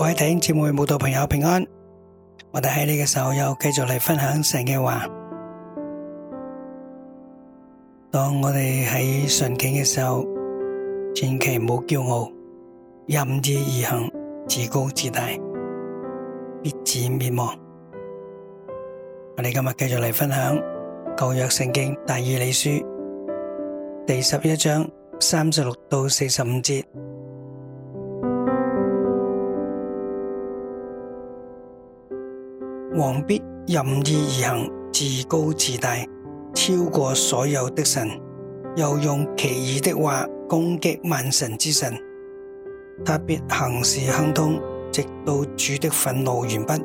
各位弟兄姊妹、舞蹈朋友平安，我哋喺呢個時候又繼續嚟分享神嘅話。當我哋喺順境嘅時候，千祈唔好驕傲，任意而行，自高自大，必自滅亡。我哋今日繼續嚟分享舊約聖經但以理書第十一章三十六到四十五節。王必任意而行，自高自大，超過所有的神，又用奇異的話攻擊萬神之神。他必行事亨通，直到主的憤怒完畢，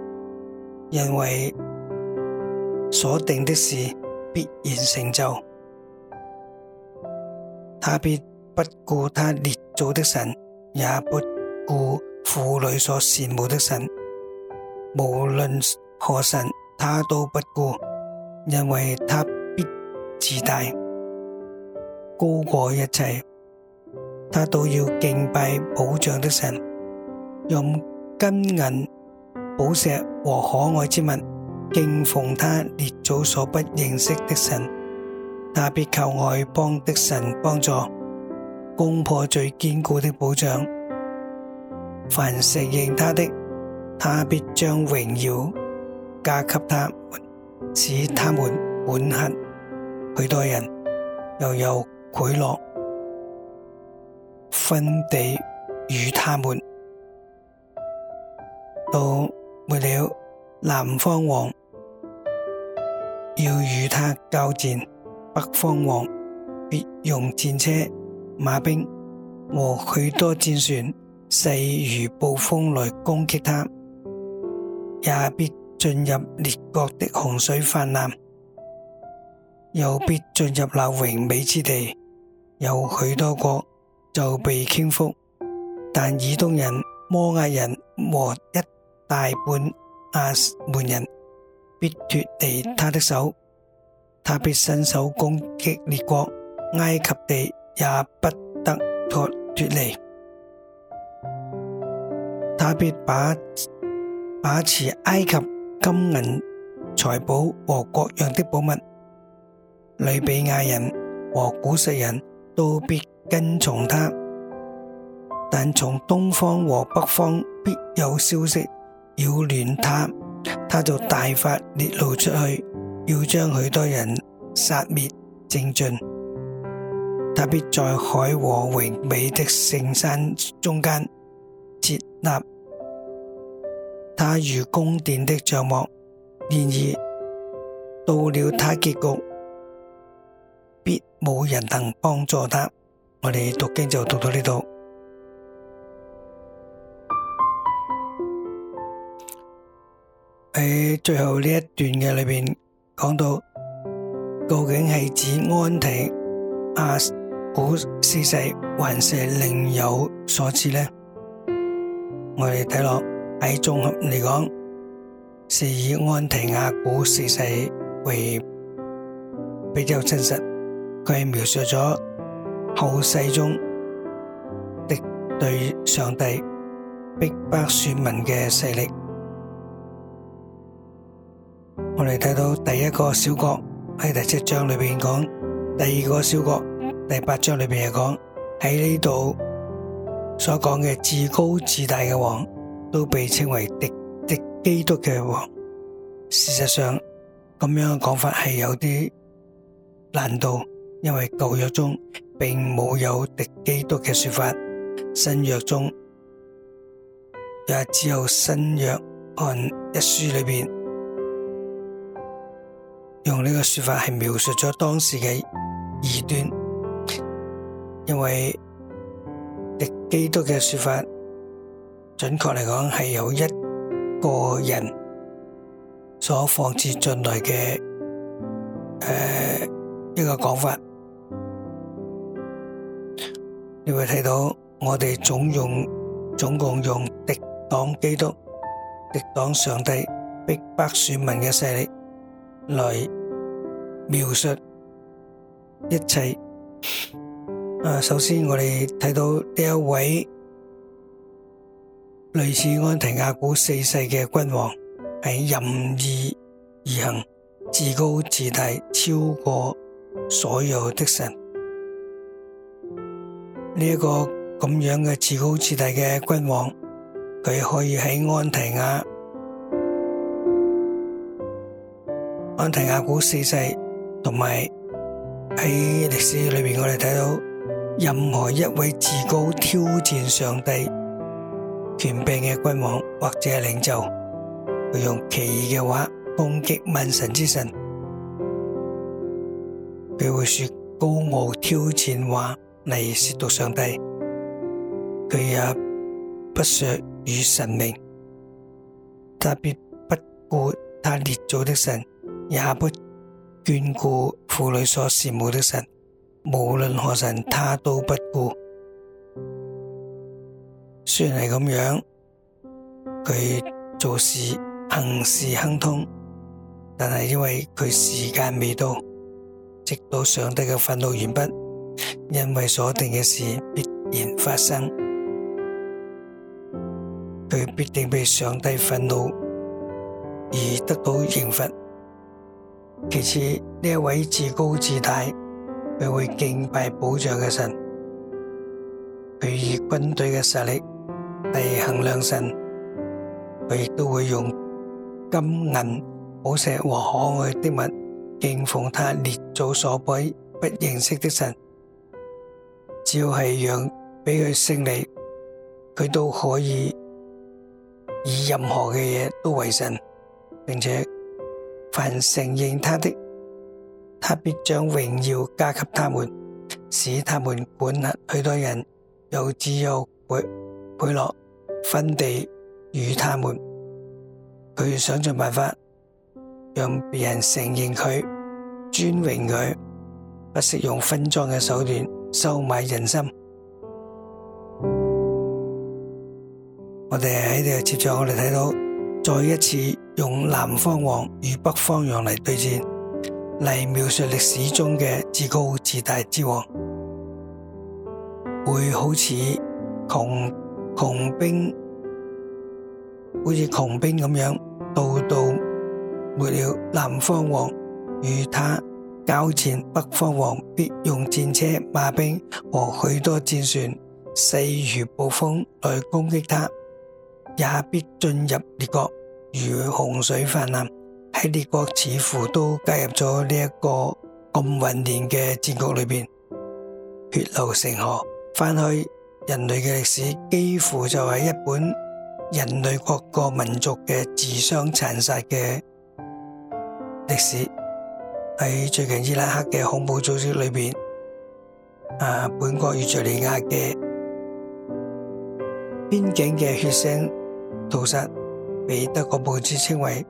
因為所定的事必然成就。他必不顧他列祖的神，也不顧婦女所羨慕的神，無論。何神他都不顧，因為他必自大，高過一切。他都要敬拜保障的神，用金銀、寶石和可愛之物敬奉他列祖所不認識的神。他必求外邦的神幫助，攻破最堅固的保障。凡承認他的，他必將榮耀。加給他們，使他們滿恨許多人，又有賄賂分地與他們。到末了，南方王要與他交戰，北方王必用戰車、馬兵和許多戰船，勢如暴風來攻擊他，也必。進入列國的洪水泛濫，又必進入那榮美之地，有許多國就被傾覆。但以東人、摩押人和一大半亞門人必脫離他的手，他必伸手攻擊列國，埃及地也不得脫脫離。他必把把持埃及。金銀財寶和各樣的寶物，利比亞人和古實人都必跟從他，但從東方和北方必有消息擾亂他，他就大發烈怒出去，要將許多人殺滅淨盡，他必在海和榮美的聖山中間設立，他如宮殿的帳幕，然而到了他結局，必無人能幫助他。我哋讀經就讀到呢度。喺最後呢一段嘅裏面講到究竟係指安提阿、啊、古斯、世，還是另有所指呢？我哋睇落。喺綜合嚟講，是以安提亞古四世為比較真實，佢係描述咗後世中的對上帝逼迫選民嘅勢力。我哋睇到第一個小角喺第七章裏邊講，第二個小角第八章裏邊又講，喺呢度所講嘅至高至大嘅王。都被稱為敵敵基督嘅王。事實上，咁樣嘅講法係有啲難度，因為舊約中並冇有敵基督嘅說法，新約中也只有新約案一書裏邊用呢個說法係描述咗當時嘅異端，因為敵基督嘅說法。準確嚟講，係由一個人所放置進來嘅，誒，一個講法。你會睇到我哋總用總共用敵擋基督、敵擋上帝、逼迫選民嘅勢力，嚟描述一切。誒，首先我哋睇到呢一位。類似安提亞古四世嘅君王，係任意而行，自高自大，超過所有的神。呢、這、一個咁樣嘅自高自大嘅君王，佢可以喺安提亞、安提亞古四世，同埋喺歷史裏邊，我哋睇到任何一位自高挑戰上帝權柄嘅君王或者領袖，他用奇異嘅話攻擊萬神之神，佢會說高傲挑戰話嚟褻瀆上帝。佢也不屑與神明，他必不顧他列祖的神，也不眷顧婦女所羨慕的神，無論何神，他都不顧。雖然係咁樣，佢做事行事亨通，但係因為佢時間未到，直到上帝嘅憤怒完畢，因為所定嘅事必然發生，佢必定被上帝憤怒而得到刑罰。其次呢一位自高自大，佢會敬拜保障嘅神，佢以軍隊嘅實力。係衡量神，佢亦都會用金銀寶石和可愛的物敬奉他，列祖所不不認識的神。只要係讓俾佢勝利，佢都可以以任何嘅嘢都為神，並且凡承認他的，他必將榮耀加給他們，使他們管轄許多人，又自由。配落分地與他們，佢要想盡辦法讓別人承認佢、尊榮佢，不惜用分贓嘅手段收買人心。我哋喺呢度接着，我哋睇到再一次用南方王與北方王嚟對戰嚟描述歷史中嘅自高自大之王，會好似同窮兵好似窮兵咁樣，到到末了。南方王與他交戰，北方王必用戰車、馬兵和許多戰船，四如暴風來攻擊他，也必進入列國，如洪水氾濫。喺列國似乎都加入咗呢一個咁混亂嘅戰局裏邊，血流成河，返去。人類的歷史幾乎就是一本人類各個民族的自相殘殺的歷史。在最近伊拉克的恐怖組織裏面，本國與敘利亞的邊境的血腥屠殺，被德國報紙稱為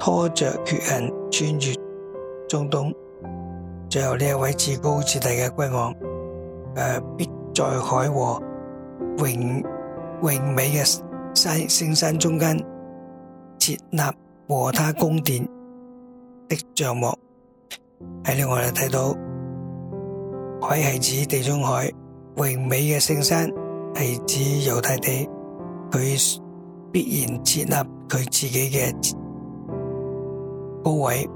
拖着血痕穿越中東。最後這一位自高自大的君王，誒、啊，必在海和。榮榮美嘅聖聖山中間設立和他宮殿的帳幕喺呢度，我哋睇到海係指地中海，榮美嘅聖山係指猶太地，佢必然設立佢自己嘅高位，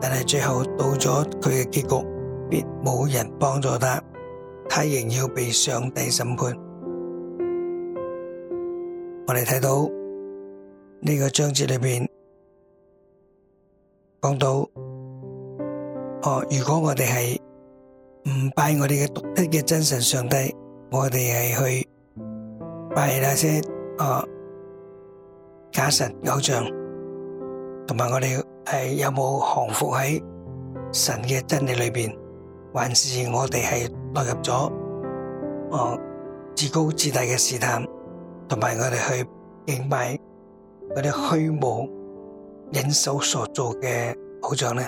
但係最後到咗佢嘅結局，必冇人幫助他，他仍要被上帝審判。我哋睇到呢個章節裏邊講到，哦，如果我哋係唔拜我哋嘅獨一嘅真神上帝，我哋係去拜那些哦假神偶像，同埋我哋係有冇降服喺神嘅真理裏邊，還是我哋係落入咗哦自高自大嘅試探？同埋我哋去敬拜嗰啲虛無人手所做嘅偶像咧，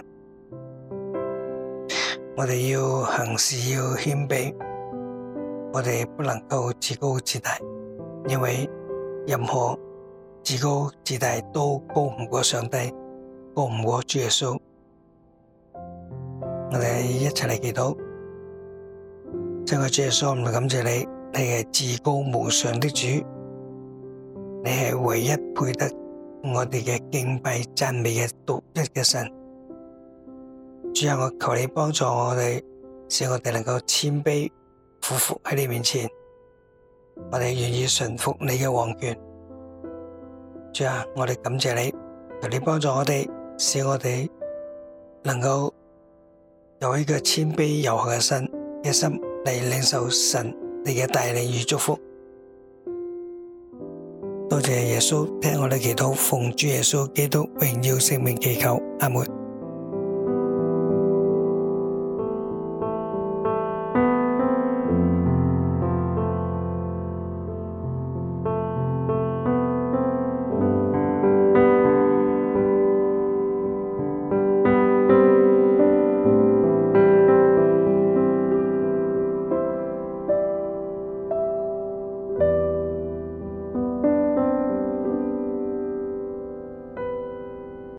我哋要行事要謙卑，我哋不能夠自高自大，因為任何自高自大都高唔過上帝，高唔過主耶穌。我哋一齊嚟祈禱，請個主耶穌，我哋感謝你，你係至高無上的主。你係唯一配得我哋嘅敬拜讚美嘅獨一嘅神，主啊，我求你幫助我哋，使我哋能夠謙卑俯伏喺你面前，我哋願意順服你嘅王權。主啊，我哋感謝你，求你幫助我哋，使我哋能夠有呢個謙卑柔和嘅心，一心嚟領受神你嘅帶領與祝福。謝謝耶穌，聽我哋祈禱，奉主耶穌基督榮耀聖名祈求，阿門。